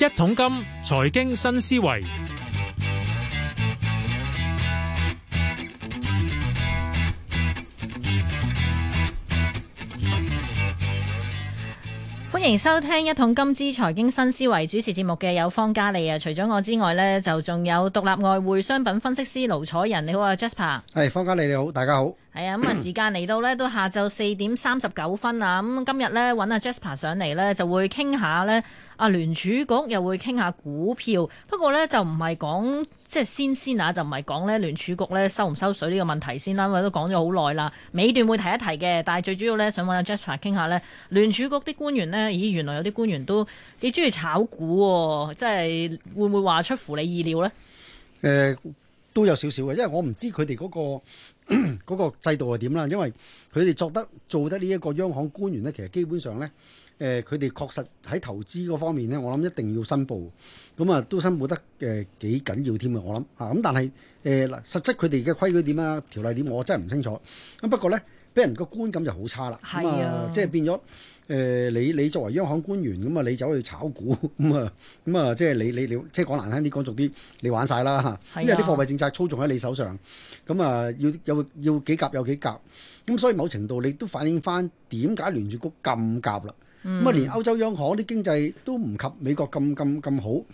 一桶金財經新思維，歡迎收聽一桶金之財經新思維，主持節目嘅有方嘉利啊！除咗我之外呢就仲有獨立外匯商品分析師盧楚仁。你好啊，Jasper。係 Jas，方嘉利你好，大家好。係啊，咁啊、嗯、時間嚟到呢都下晝四點三十九分啊！咁、嗯、今日呢，揾阿 Jasper 上嚟呢，就會傾下呢阿、啊、聯儲局又會傾下股票。不過呢，就唔係講即係先先啊，就唔係講呢聯儲局呢收唔收水呢個問題先啦，因為都講咗好耐啦。尾段會提一提嘅，但係最主要呢，想揾阿 Jasper 傾下呢聯儲局啲官員呢。咦原來有啲官員都幾中意炒股，哦，即係會唔會話出乎你意料呢？誒、呃。都有少少嘅，因為我唔知佢哋嗰個嗰個制度係點啦。因為佢哋作得做得呢一個央行官員咧，其實基本上咧，誒佢哋確實喺投資嗰方面咧，我諗一定要申報。咁啊，都申報得誒幾緊要添嘅，我諗嚇。咁但係誒嗱，實質佢哋嘅規矩點啊，條例點，我真係唔清楚。咁不過咧，俾人個觀感就好差啦。係啊，即係變咗。誒、呃，你你作為央行官員，咁啊，你走去炒股，咁、嗯、啊，咁、嗯、啊，嗯、即係你你你，即係講難聽啲，講俗啲，你玩晒啦嚇，是啊、因為啲貨幣政策操縱喺你手上，咁、嗯、啊，要有要，要幾夾有幾夾，咁、嗯、所以某程度你都反映翻點解聯儲局咁夾啦，咁、嗯、啊，連歐洲央行啲經濟都唔及美國咁咁咁好，誒、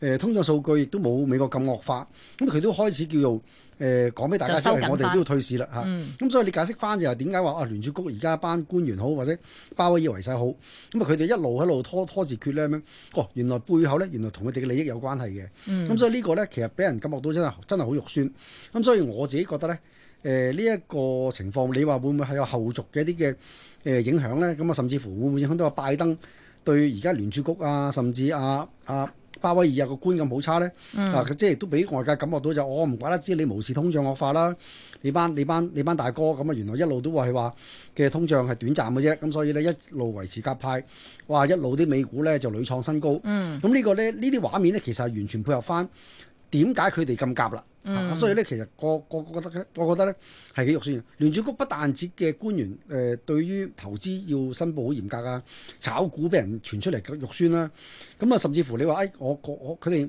呃、通脹數據亦都冇美國咁惡化，咁、嗯、佢都開始叫做。誒、呃、講俾大家知，我哋都要退市啦嚇。咁、嗯啊、所以你解釋翻就係點解話啊聯儲局而家班官員好或者鮑威爾為首好，咁啊佢哋一路喺度拖拖字決咧咩？哦，原來背後咧原來同佢哋嘅利益有關係嘅。咁、嗯啊、所以個呢個咧其實俾人感覺到真係真係好肉酸。咁、啊、所以我自己覺得咧，誒呢一個情況，你話會唔會係有後續嘅一啲嘅誒影響咧？咁啊甚至乎會唔會影響到啊拜登對而家聯儲局啊，甚至啊啊？啊鮑威爾有個觀感好差咧，嗱、嗯，即係都俾外界感覺到就，我、哦、唔怪得知你無視通脹惡化啦，你班你班你班大哥咁啊，原來一路都話係話嘅通脹係短暫嘅啫，咁所以咧一路維持鴿派，哇，一路啲美股咧就屢創新高，咁、嗯、呢個咧呢啲畫面咧其實係完全配合翻。點解佢哋咁夾啦？嗯、所以咧，其實個我覺得咧，我覺得咧係幾肉酸嘅。聯儲局不但止嘅官員誒、呃，對於投資要申報好嚴格啊，炒股俾人傳出嚟肉酸啦、啊。咁、嗯、啊，甚至乎你話誒、哎，我我佢哋。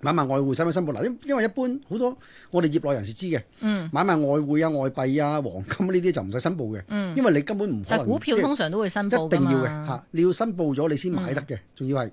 買賣外匯使唔使申報？嗱，因因為一般好多我哋業內人士知嘅，嗯、買賣外匯啊、外幣啊、黃金呢、啊、啲就唔使申報嘅，嗯、因為你根本唔可能。但係股票通常都會申報，一定要嘅吓，你要申報咗你先買得嘅，仲、嗯、要係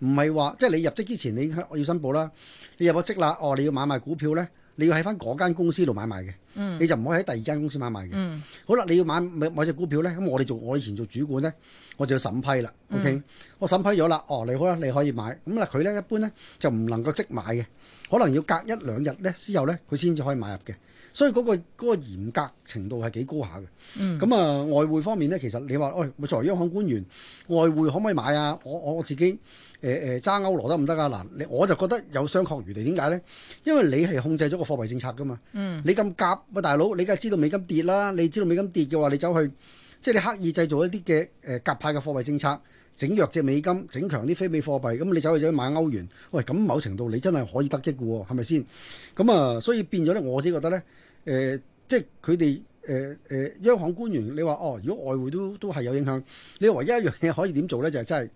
唔係話即係你入職之前你要申報啦，你入咗職啦，哦你要買賣股票咧。你要喺返嗰間公司度買賣嘅，你就唔可以喺第二間公司買賣嘅。好啦，你要買買隻股票咧，咁我哋做我以前做主管咧，我就要審批啦。嗯、OK，我審批咗啦，哦，你好啦，你可以買。咁、嗯、嗱，佢咧一般咧就唔能夠即買嘅，可能要隔一兩日咧之後咧，佢先至可以買入嘅。所以嗰、那個嗰、那個、嚴格程度係幾高下嘅，咁、嗯、啊，外匯方面呢，其實你話喂，作為央行官員外匯可唔可以買啊？我我自己誒誒揸歐羅得唔得啊？嗱，我就覺得有商榷餘地，點解呢？因為你係控制咗個貨幣政策噶嘛，嗯、你咁夾啊大佬，你梗係知道美金跌啦，你知道美金跌嘅話，你走去即係你刻意製造一啲嘅誒鴿派嘅貨幣政策，整弱隻美金，整強啲非美貨幣，咁你走去就買歐元，喂，咁某程度你真係可以得益嘅喎，係咪先？咁啊，所以變咗呢，我自己覺得呢。誒、呃，即係佢哋誒誒央行官員你，你話哦，如果外匯都都係有影響，你唯一一樣嘢可以點做咧，就係真係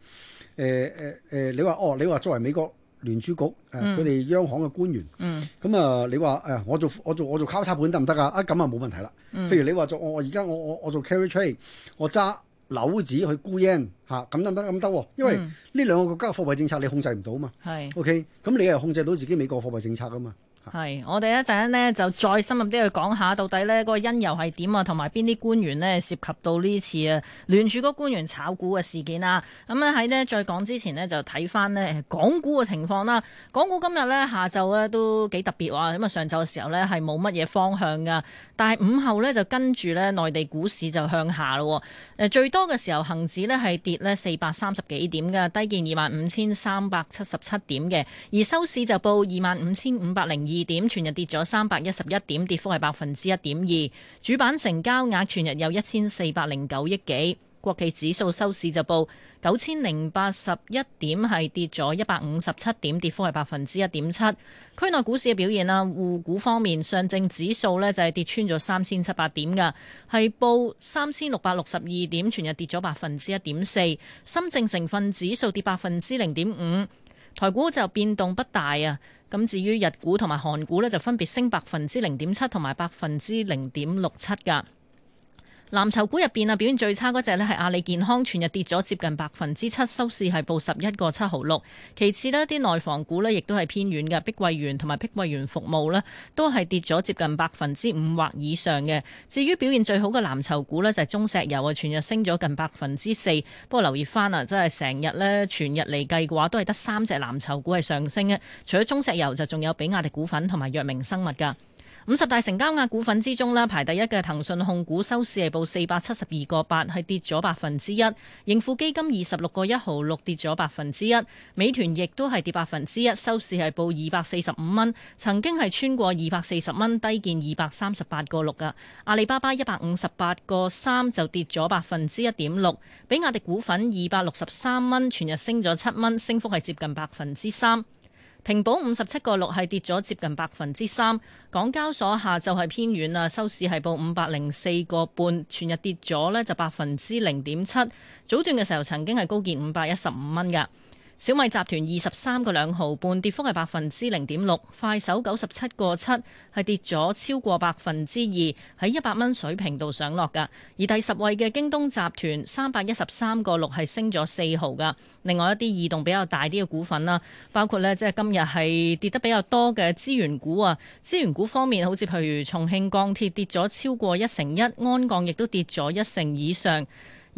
誒誒誒，你話哦，你話作為美國聯儲局誒佢哋央行嘅官員，咁啊、嗯呃，你話誒、呃，我做我做我做，我做交叉盤得唔得啊？啊，咁啊冇問題啦、啊。譬如你話做我而家我我我做 carry trade，我揸樓紙去沽 yen 嚇，咁得唔得？咁得，因為呢兩個國家嘅貨幣政策你控制唔到啊嘛。係是。O K. 咁你又控制到自己美國貨幣政策㗎嘛。係，我哋一陣間咧就再深入啲去講下，到底呢嗰個因由係點啊，同埋邊啲官員呢涉及到呢次啊聯儲嗰官員炒股嘅事件啊。咁啊喺呢再講之前呢，就睇翻呢港股嘅情況啦。港股今日呢，下晝咧都幾特別哇，咁啊上晝嘅時候呢係冇乜嘢方向噶，但係午後呢，就跟住呢內地股市就向下咯。誒最多嘅時候恒指呢係跌呢四百三十幾點噶，低見二萬五千三百七十七點嘅，而收市就報二萬五千五百零二。二點，全日跌咗三百一十一點，跌幅係百分之一點二。主板成交額全日有一千四百零九億幾。國企指數收市就報九千零八十一點，係跌咗一百五十七點，跌幅係百分之一點七。區內股市嘅表現啦，滬股方面，上證指數呢就係跌穿咗三千七百點㗎，係報三千六百六十二點，全日跌咗百分之一點四。深證成分指數跌百分之零點五。台股就變動不大啊。咁至於日股同埋韓股呢，就分別升百分之零點七同埋百分之零點六七㗎。藍籌股入邊啊，表現最差嗰隻咧，係阿里健康，全日跌咗接近百分之七，收市係報十一個七毫六。其次呢啲內房股呢，亦都係偏軟嘅，碧桂園同埋碧桂園服務呢，都係跌咗接近百分之五或以上嘅。至於表現最好嘅藍籌股呢，就係中石油啊，全日升咗近百分之四。不過留意翻啊，真係成日呢，全日嚟計嘅話都係得三隻藍籌股係上升嘅，除咗中石油就仲有比亞迪股份同埋藥明生物噶。五十大成交額股份之中呢，排第一嘅騰訊控股收市係報四百七十二個八，係跌咗百分之一。盈富基金二十六個一毫六跌咗百分之一。美團亦都係跌百分之一，收市係報二百四十五蚊，曾經係穿過二百四十蚊，低見二百三十八個六噶。阿里巴巴一百五十八個三就跌咗百分之一點六。比亞迪股份二百六十三蚊，全日升咗七蚊，升幅係接近百分之三。平保五十七個六係跌咗接近百分之三，港交所下晝係偏軟啦，收市係報五百零四個半，全日跌咗呢就百分之零點七，早段嘅時候曾經係高見五百一十五蚊㗎。小米集團二十三個兩毫半，跌幅係百分之零點六。快手九十七個七，係跌咗超過百分之二，喺一百蚊水平度上上落㗎。而第十位嘅京東集團三百一十三個六，係升咗四毫㗎。另外一啲異動比較大啲嘅股份啦，包括呢即係今日係跌得比較多嘅資源股啊。資源股方面，好似譬如重慶鋼鐵跌咗超過一成一，鞍鋼亦都跌咗一成以上。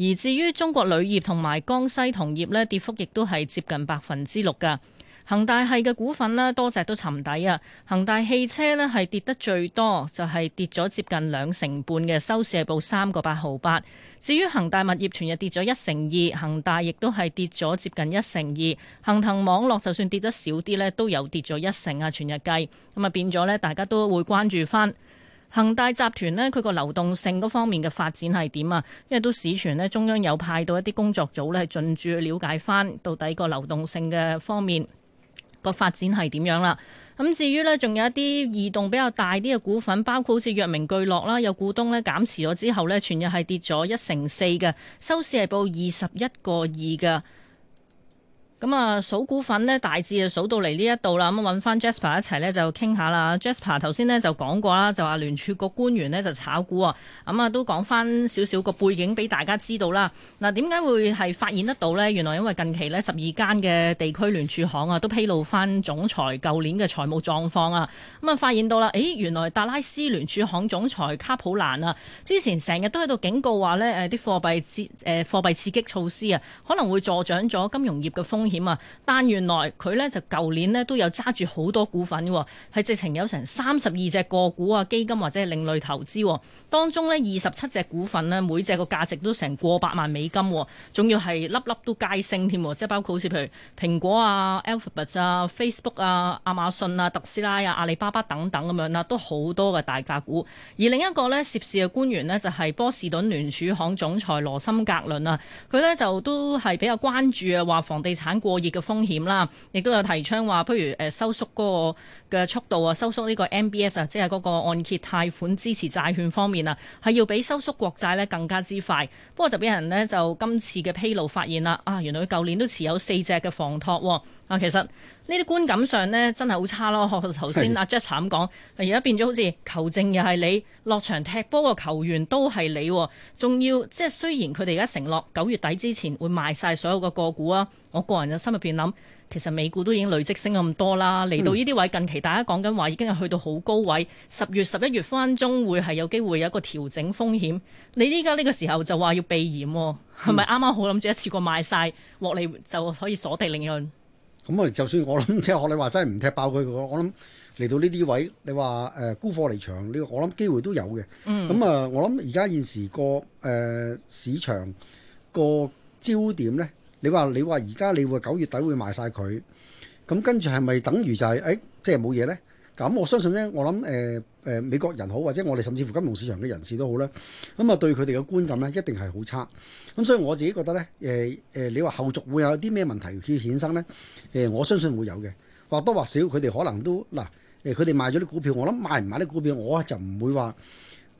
而至於中國鋁業同埋江西銅業咧，跌幅亦都係接近百分之六噶。恒大系嘅股份咧，多隻都沉底啊。恒大汽車咧係跌得最多，就係、是、跌咗接近兩成半嘅，收市係報三個八毫八。至於恒大物業，全日跌咗一成二，恒大亦都係跌咗接近一成二。恒騰網絡就算跌得少啲咧，都有跌咗一成啊，全日計咁啊變咗咧，大家都會關注翻。恒大集團呢，佢個流動性嗰方面嘅發展係點啊？因為都市傳呢，中央有派到一啲工作組呢，係進駐去了解翻到底個流動性嘅方面個發展係點樣啦。咁至於呢，仲有一啲異動比較大啲嘅股份，包括好似藥明巨諾啦，有股東呢減持咗之後呢，全日係跌咗一成四嘅，收市係報二十一個二嘅。咁啊、嗯，數股份呢，大致就數到嚟呢、嗯、一度啦。咁啊，揾翻 Jasper 一齊呢，就傾下啦。Jasper 頭先呢，就講過啦，就話聯儲局官員呢，就炒股啊。咁、嗯、啊，都講翻少少個背景俾大家知道啦。嗱、嗯，點解會係發現得到呢？原來因為近期呢，十二間嘅地區聯儲行啊，都披露翻總裁舊年嘅財務狀況啊。咁、嗯、啊，發現到啦，誒原來達拉斯聯儲行總裁卡普蘭啊，之前成日都喺度警告話呢，誒、啊、啲貨幣誒、呃、貨幣刺激措施啊，可能會助長咗金融業嘅風險。險啊！但原來佢呢就舊年呢都有揸住好多股份喎、哦，係直情有成三十二隻個股啊，基金或者係另類投資、哦、當中呢，二十七隻股份呢，每隻個價值都成過百萬美金、哦，仲要係粒粒都皆升添，即係包括好似譬如蘋果啊、Alphabet 啊、Facebook 啊、亞馬遜啊、特斯拉啊、阿里巴巴等等咁樣啦，都好多嘅大價股。而另一個呢，涉事嘅官員呢，就係、是、波士頓聯儲行總裁羅森格倫啊，佢呢，就都係比較關注啊，話房地產。過熱嘅風險啦，亦都有提倡話，不如誒收縮嗰個嘅速度啊，收縮呢個 MBS 啊，即係嗰個按揭貸款支持債券方面啊，係要比收縮國債呢更加之快。不過就俾人呢，就今次嘅披露發現啦，啊原來佢舊年都持有四隻嘅房託、哦。啊，其實呢啲觀感上呢，真係好差咯。頭先阿 Just 咁講，而家、啊、變咗好似球證，又係你落場踢波個球員都係你，仲要即係雖然佢哋而家承諾九月底之前會賣晒所有個個股啊。我個人就心入邊諗，其實美股都已經累積升咁多啦。嚟到呢啲位，嗯、近期大家講緊話已經係去到好高位，十月十一月份中會係有機會有一個調整風險。你依家呢個時候就話要避險，係咪啱啱好諗住一次過賣晒，獲利就可以鎖定利潤？咁咪就算我諗，即係學你話真係唔踢爆佢嘅，我諗嚟到呢啲位，你話誒，沽貨離場呢？我諗機會都有嘅。咁啊、嗯，我諗而家現時個誒、呃、市場個焦點咧，你話你話而家你會九月底會賣晒佢，咁跟住係咪等於就係、是、誒、欸、即係冇嘢咧？咁、嗯、我相信咧，我諗誒誒美國人好，或者我哋甚至乎金融市場嘅人士都好啦。咁、嗯、啊、嗯，對佢哋嘅觀感咧，一定係好差。咁、嗯、所以我自己覺得咧，誒、呃、誒、呃，你話後續會有啲咩問題去衍生咧？誒、呃，我相信會有嘅，或多或少佢哋可能都嗱誒，佢、呃、哋賣咗啲股票，我諗賣唔賣啲股票，我就唔會話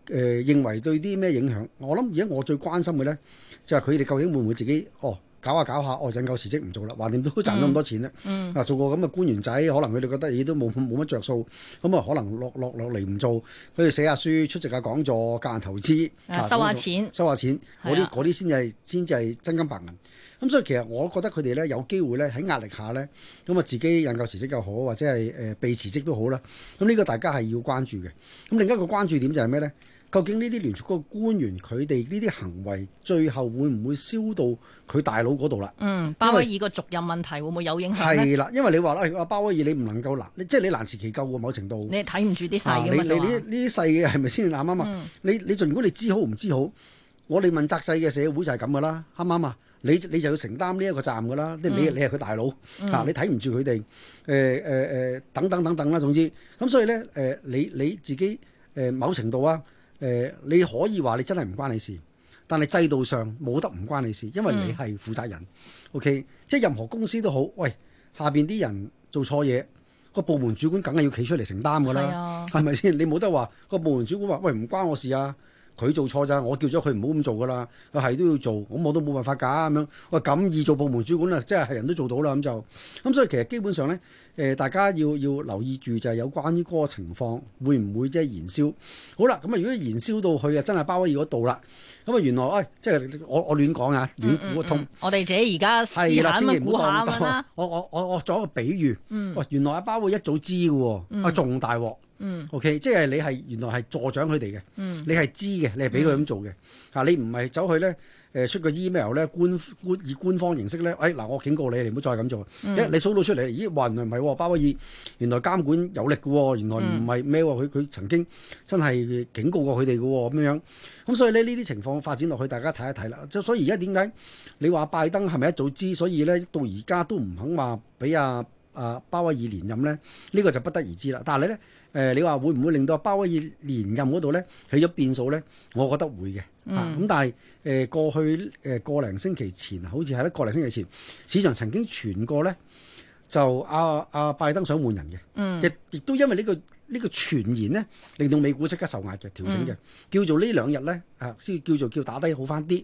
誒、呃、認為對啲咩影響。我諗而家我最關心嘅咧，就係佢哋究竟會唔會自己哦。搞下搞下，哦，引咎辭職唔做啦，橫掂都賺到咁多錢咧。啊、嗯，嗯、做過咁嘅官員仔，可能佢哋覺得咦都冇冇乜着數，咁啊可能落落落嚟唔做，佢哋寫下書，出席下講座，教人投資，收下，收下錢，收下錢，嗰啲嗰啲先至係先至係真金白銀。咁所以其實我覺得佢哋咧有機會咧喺壓力下咧，咁啊自己引咎辭職又好，或者係誒被辭職都好啦。咁呢個大家係要關注嘅。咁另一個關注點就係咩咧？究竟呢啲聯儲局嗰個官員，佢哋呢啲行為，最後會唔會燒到佢大佬嗰度啦？嗯，鮑威爾個續任問題會唔會有影響咧？係啦，因為你話啦，阿鮑威爾你唔能夠難，即係你難辭其咎喎。某程度你睇唔住啲細㗎嘛？你你呢啲細嘢係咪先啱啱啊？你你，如果你知好唔知好，我哋問責制嘅社會就係咁噶啦，啱啱啊？你你就要承擔呢一個責任㗎啦。Mm. 你你係佢大佬嚇，你睇唔住佢哋誒誒誒等等等等啦。總之咁，所以咧誒，你你自己誒某程度啊。誒、呃，你可以話你真係唔關你事，但係制度上冇得唔關你事，因為你係負責人。嗯、okay，即係任何公司都好，喂，下邊啲人做錯嘢，個部門主管梗係要企出嚟承擔噶啦，係咪先？你冇得話個部門主管話，喂，唔關我事啊。佢做錯咋，我叫咗佢唔好咁做噶啦。佢係都要做，咁我都冇辦法㗎咁樣。喂，咁易做部門主管啊，即係係人都做到啦咁就。咁所以其實基本上咧，誒、呃、大家要要留意住就係有關於嗰個情況會唔會即係燃燒。好啦，咁啊如果燃燒到佢啊真係包威爾度啦。咁啊原來，喂、哎，即係我我亂講啊，亂估一通。嗯嗯嗯我哋自己而家試,試啦下咁啊！我我我我作一個比喻。嗯。喂，原來阿包威一早知嘅喎，啊仲大鑊。嗯，OK，即係你係原來係助長佢哋嘅，你係知嘅，你係俾佢咁做嘅吓，你唔係走去咧誒出個 email 咧官官以官方形式咧，哎嗱，Hence, años, 我警告你，你唔好再咁做，因為你數到出嚟，咦話原來唔係鮑威爾，原來，原來監管有力嘅喎，原來唔係咩喎，佢佢曾經真係警告過佢哋嘅喎，咁樣，咁所以咧呢啲情況發展落去，大家睇一睇啦。即所以而家點解你話拜登係咪一早知，所以咧到而家都唔肯話俾阿阿鮑威爾連任咧？Julia, 呢個就不得而知啦。但係你咧。誒、呃，你話會唔會令到鮑威爾連任嗰度咧起咗變數咧？我覺得會嘅，嚇、啊、咁但係誒、呃、過去誒個零星期前好似喺一個零星期前，市場曾經傳過咧，就阿、啊、阿、啊、拜登想換人嘅，亦亦都因為、這個這個、呢個呢個傳言咧，令到美股即刻受壓嘅調整嘅，叫做兩呢兩日咧啊，先叫做叫打低好翻啲，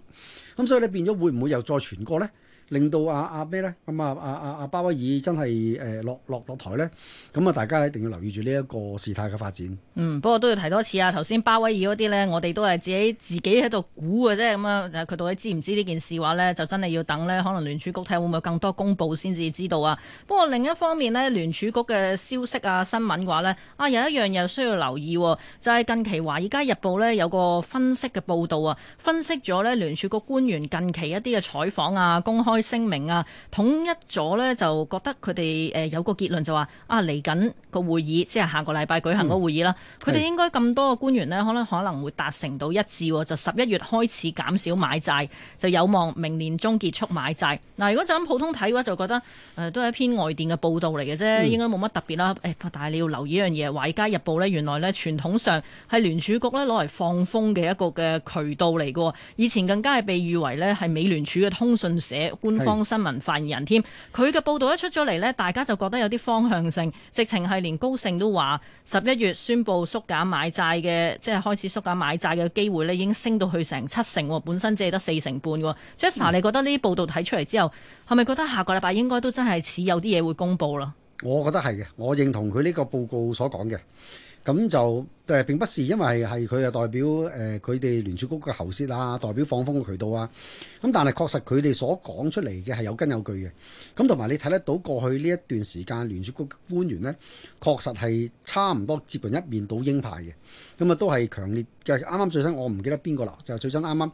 咁、啊、所以咧變咗會唔會又再傳過咧？令到阿阿咩呢？咁啊阿阿阿巴威爾真係誒落落落台呢？咁啊大家一定要留意住呢一個事態嘅發展。嗯，不過都要提多次啊。頭先巴威爾嗰啲呢，我哋都係自己自己喺度估嘅啫。咁啊，佢到底知唔知呢件事話呢？就真係要等呢，可能聯儲局睇會唔會更多公布先至知道啊。不過另一方面呢，聯儲局嘅消息啊、新聞嘅話呢，啊有一樣又需要留意，就係、是、近期華爾街日報呢有個分析嘅報道啊，分析咗呢聯儲局官員近期一啲嘅採訪啊、公開。聲明啊，統一咗呢，就覺得佢哋誒有個結論就話啊，嚟緊個會議，即係下個禮拜舉行嗰會議啦。佢哋、嗯、應該咁多個官員呢，可能可能會達成到一致，就十一月開始減少買債，就有望明年中結束買債。嗱、呃，如果就咁普通睇嘅話，就覺得誒、呃、都係一篇外電嘅報道嚟嘅啫，嗯、應該冇乜特別啦。誒、哎，但係你要留意一樣嘢，《華爾街日報》呢，原來呢，傳統上係聯儲局呢攞嚟放風嘅一個嘅渠道嚟嘅喎，以前更加係被譽為呢，係美聯儲嘅通訊社。官方新聞發言人添，佢嘅報道一出咗嚟呢，大家就覺得有啲方向性，直情係連高盛都話十一月宣布縮減買債嘅，即係開始縮減買債嘅機會咧，已經升到去成七成，本身淨係得四成半。Jasper，、嗯、你覺得呢啲報道睇出嚟之後，係咪覺得下個禮拜應該都真係似有啲嘢會公布咯？我覺得係嘅，我認同佢呢個報告所講嘅。咁就誒、呃、並不是因為係佢啊代表誒佢哋聯儲局嘅喉舌啊，代表放風嘅渠道啊。咁但係確實佢哋所講出嚟嘅係有根有根據嘅。咁同埋你睇得到過去呢一段時間聯儲局官員呢確實係差唔多接近一面倒鷹派嘅。咁、嗯、啊都係強烈嘅。啱啱最新我唔記得邊個啦，就最新啱啱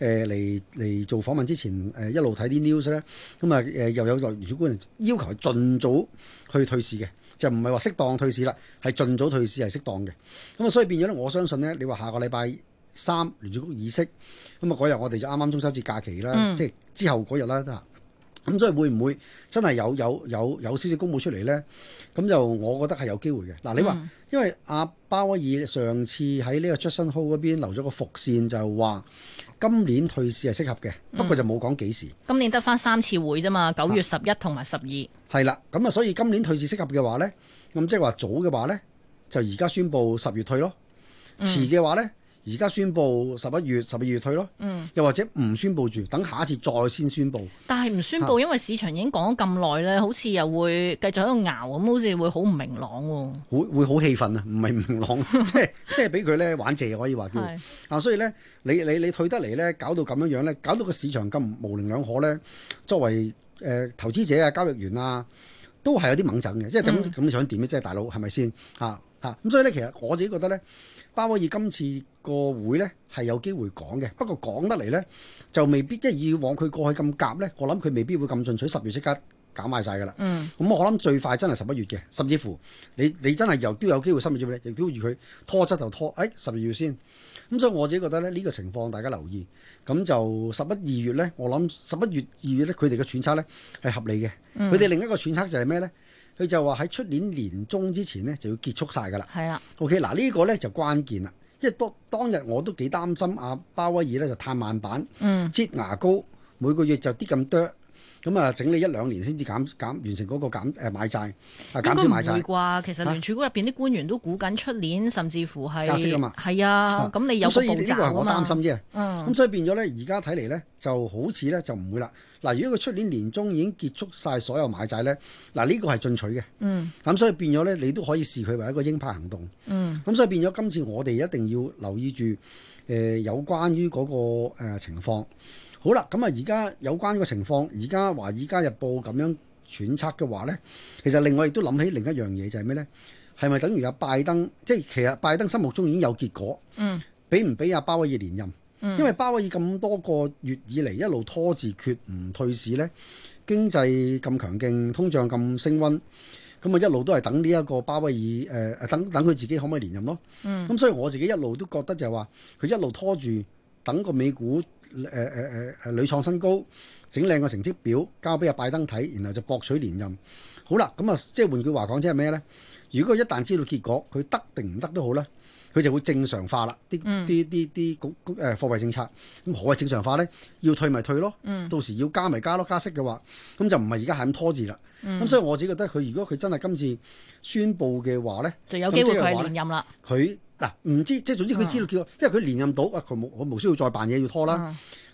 誒嚟嚟做訪問之前誒、呃、一路睇啲 news 咧，咁啊誒又有聯儲官員要求盡早去退市嘅。就唔係話適當退市啦，係盡早退市係適當嘅。咁啊，所以變咗咧，我相信咧，你話下個禮拜三聯儲局議息，咁啊嗰日我哋就啱啱中秋節假期啦，嗯、即係之後嗰日啦，得。咁所以會唔會真係有有有有少少公佈出嚟呢？咁就我覺得係有機會嘅嗱、啊。你話、嗯、因為阿鮑威爾上次喺呢個 Jackson Hole 嗰邊留咗個伏線，就係話今年退市係適合嘅，嗯、不過就冇講幾時。今年得翻三次會啫嘛，九月十一同埋十二。係啦、啊，咁啊，所以今年退市適合嘅話呢，咁即係話早嘅話呢，就而家宣布十月退咯；遲嘅話呢，嗯而家宣布十一月、十二月退咯，嗯，又或者唔宣布住，等下一次再先宣布。但係唔宣布，啊、因為市場已經講咗咁耐咧，好似又會繼續喺度熬咁，好似會好唔明朗喎。會會好氣憤啊！唔係唔明朗， 即係即係俾佢咧玩謝可以話叫。是啊，所以咧，你你你退得嚟咧，搞到咁樣樣咧，搞到個市場咁模稜兩可咧，作為誒、呃、投資者啊、交易員啊，都係有啲懵震嘅。即係咁咁，想點咧？即係大佬係咪先啊？ 嚇咁、啊、所以咧，其實我自己覺得咧，鮑威爾今次個會咧係有機會講嘅。不過講得嚟咧，就未必即係以往佢過去咁夾咧。我諗佢未必會咁進取十月即刻減買晒㗎啦。嗯。咁、嗯、我諗最快真係十一月嘅，甚至乎你你真係又都有機會，十月之後亦都與佢拖得就拖誒、哎、十二月先。咁、嗯、所以我自己覺得咧，呢、這個情況大家留意。咁就十一二月咧，我諗十一月二月咧，佢哋嘅揣測咧係合理嘅。佢哋、嗯、另一個揣測就係咩咧？佢就話喺出年年中之前咧就要結束晒㗎啦。係啊的。OK，嗱，呢個咧就關鍵啦，因為當當日我都幾擔心阿、啊、鮑威爾咧就太慢板，擠、嗯、牙膏每個月就啲咁多。咁啊、嗯，整理一兩年先至減減完成嗰個減誒買債啊，減、呃、少買債應該唔會啩？其實聯儲局入邊啲官員都估緊出年，甚至乎係加息啊嘛。係啊，咁、啊嗯、你有？咁、嗯、所以呢個係我擔心啫。嗯。咁、嗯、所以變咗咧，而家睇嚟咧，就好似咧就唔會啦。嗱，如果佢出年年中已經結束晒所有買債咧，嗱、這、呢個係進取嘅。嗯。咁、嗯、所以變咗咧，你都可以視佢為一個鷹派行動。嗯。咁、嗯、所以變咗，今次我哋一定要留意住。誒、呃、有關於嗰、那個、呃、情況，好啦，咁啊，而家有關個情況，而家華爾街日報咁樣揣測嘅話呢，其實令我亦都諗起另一樣嘢，就係咩呢？係咪等於阿拜登？即係其實拜登心目中已經有結果，嗯，俾唔俾阿鮑威爾連任？嗯、因為鮑威爾咁多個月以嚟一路拖字決唔退市呢，經濟咁強勁，通脹咁升溫。咁啊，一路都係等呢一個鮑威爾，誒誒、等等佢自己可唔可以連任咯？咁、嗯、所以我自己一路都覺得就係話佢一路拖住等個美股，誒誒誒、誒屢創新高，整靚個成績表交俾阿拜登睇，然後就博取連任。好啦，咁啊即係換句話講，即係咩咧？如果一旦知道結果，佢得定唔得都好啦，佢就會正常化啦。啲啲啲啲嗰嗰誒貨幣政策，咁何謂正常化咧？要退咪退咯，嗯、到時要加咪加咯，加息嘅話，咁就唔係而家係咁拖字啦。咁、嗯、所以我自己覺得佢如果佢真係今次宣布嘅話咧，就有機會佢連任啦。佢嗱唔知，即係總之佢知道結果，嗯、因為佢連任到，佢冇佢無需要再扮嘢要拖啦。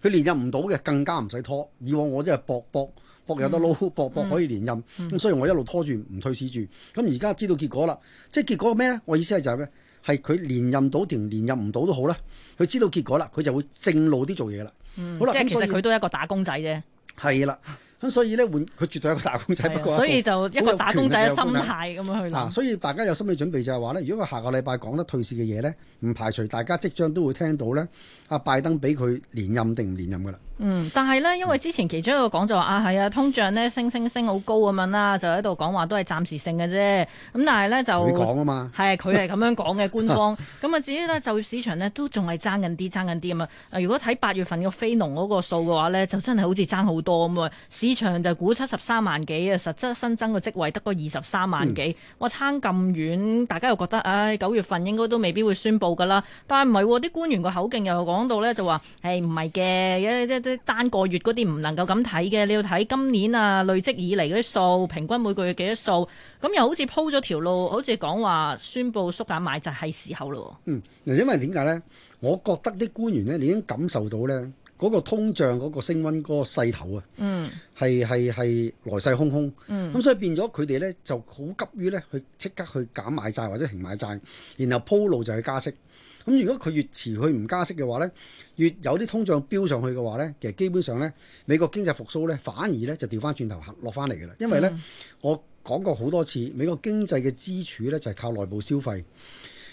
佢、嗯、連任唔到嘅更加唔使拖。以往我真係搏搏。博有得撈，搏搏可以連任，咁、嗯嗯、所以我一路拖住唔退市住。咁而家知道結果啦，即係結果係咩咧？我意思係就係、係、咩？係佢連任到定連任唔到都好啦。佢知道結果啦，佢就會正路啲做嘢啦。嗯、好啦，即係其實佢都係一個打工仔啫。係啦。咁所以呢，佢絕對係一個打工仔，的不過，所以就一個打工仔嘅心態咁樣去諗。所以大家有心理準備就係話呢：如果佢下個禮拜講得退市嘅嘢呢，唔排除大家即將都會聽到呢，阿拜登俾佢連任定唔連任噶啦？嗯，嗯，但係呢，因為之前其中一個講就話啊，係啊，通脹呢升升升好高咁樣啦，就喺度講話都係暫時性嘅啫。咁但係呢，就你講啊嘛，係佢係咁樣講嘅 官方。咁啊，至於呢，就業市場呢都仲係爭緊啲，爭緊啲啊嘛。如果睇八月份嘅非農嗰個數嘅話呢，就真係好似爭好多咁啊。場就估七十三萬幾啊，實質新增嘅職位得嗰二十三萬幾，嗯、我差咁遠，大家又覺得唉，九月份應該都未必會宣佈噶啦。但係唔係，啲官員個口徑又講到呢，就話誒唔係嘅，一一單個月嗰啲唔能夠咁睇嘅，你要睇今年啊累積以嚟，嗰啲數，平均每個月幾多數，咁又好似鋪咗條路，好似講話宣佈縮減買債就係時候咯。嗯，因為點解呢？我覺得啲官員呢你已經感受到呢。嗰個通脹嗰個升溫嗰個勢頭啊，係係係來勢洶洶，咁、嗯、所以變咗佢哋咧就好急於咧去即刻去減買債或者停買債，然後鋪路就去加息。咁如果佢越遲去唔加息嘅話咧，越有啲通脹飆上去嘅話咧，其實基本上咧美國經濟復甦咧反而咧就調翻轉頭落翻嚟嘅啦。因為咧、嗯、我講過好多次，美國經濟嘅支柱咧就係、是、靠內部消費。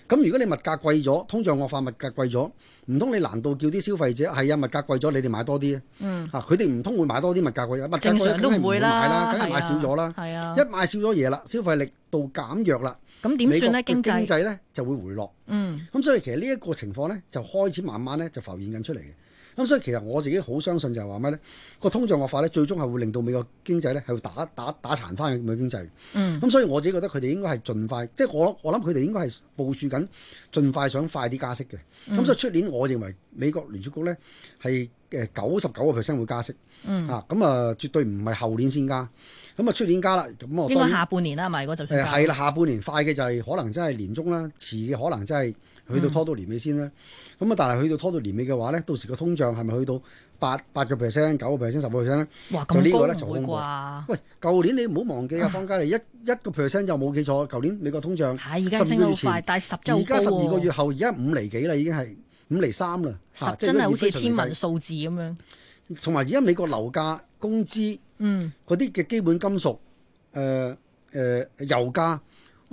咁如果你物價貴咗，通脹惡化物、啊，物價貴咗，唔通你、嗯、難道叫啲消費者係啊物價貴咗，你哋買多啲啊？嗯，嚇佢哋唔通會買多啲物價貴嘅物，正常都唔會啦，梗係買少咗啦，係啊，啊一買少咗嘢啦，消費力度減弱啦，咁點算咧？啊、經濟咧就會回落，嗯，咁所以其實呢一個情況咧就開始慢慢咧就浮現緊出嚟嘅。咁所以其實我自己好相信就係話咩呢？個通脹惡化呢，最終係會令到美國經濟呢係會打打打殘翻美國經濟。咁所以我自己覺得佢哋應該係盡快，即係我我諗佢哋應該係部署緊，盡快想快啲加息嘅。咁所以出年，我認為美國聯儲局呢，係。誒九十九個 percent 會加息，嚇咁、嗯、啊、嗯，絕對唔係後年先加，咁啊出年加啦，咁啊應該下半年啦，係咪？如果就誒係啦，下半年快嘅就係可能真係年中啦，遲嘅可能真係去到拖到年尾先啦。咁啊、嗯，但係去到拖到年尾嘅話咧，到時個通脹係咪去到八八個 percent、九個 percent、十個 percent 咧？呢哇！咁高就呢個呢就唔會啩？喂，舊年你唔好忘記啊，唉方家利一一個 percent 就冇記錯，舊年美國通脹，而家十二個月前而家十二個月後，而家五厘幾啦，已經係。五厘三啦，真係好似天文數字咁樣。同埋而家美國樓價、工資、嗯，嗰啲嘅基本金屬、誒、呃、誒、呃、油價。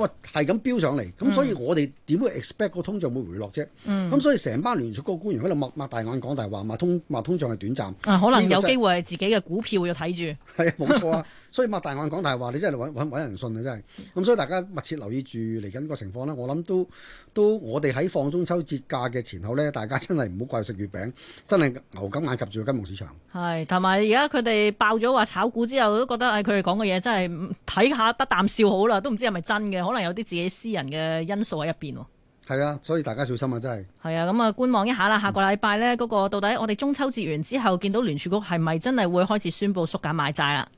哇，係咁飚上嚟，咁所以我哋點會 expect 個通脹會回落啫？咁、嗯、所以成班聯儲嗰個官員喺度擘擘大眼講大話，擘通擘通脹係短暫、啊，可能有機會係自己嘅股票要睇住。係冇 錯啊！所以擘大眼講大話，你真係揾揾人信啊！真係咁，所以大家密切留意住嚟緊個情況啦。我諗都都，都我哋喺放中秋節假嘅前後咧，大家真係唔好怪食月餅，真係牛咁眼及住個金融市場。係，同埋而家佢哋爆咗話炒股之後都覺得，佢哋講嘅嘢真係睇下得啖笑好啦，都唔知係咪真嘅。可能有啲自己私人嘅因素喺入邊，係啊，所以大家小心啊，真係。係啊，咁啊，觀望一下啦。下個禮拜呢，嗰個到底我哋中秋節完之後，見到聯儲局係咪真係會開始宣布縮減買債啊？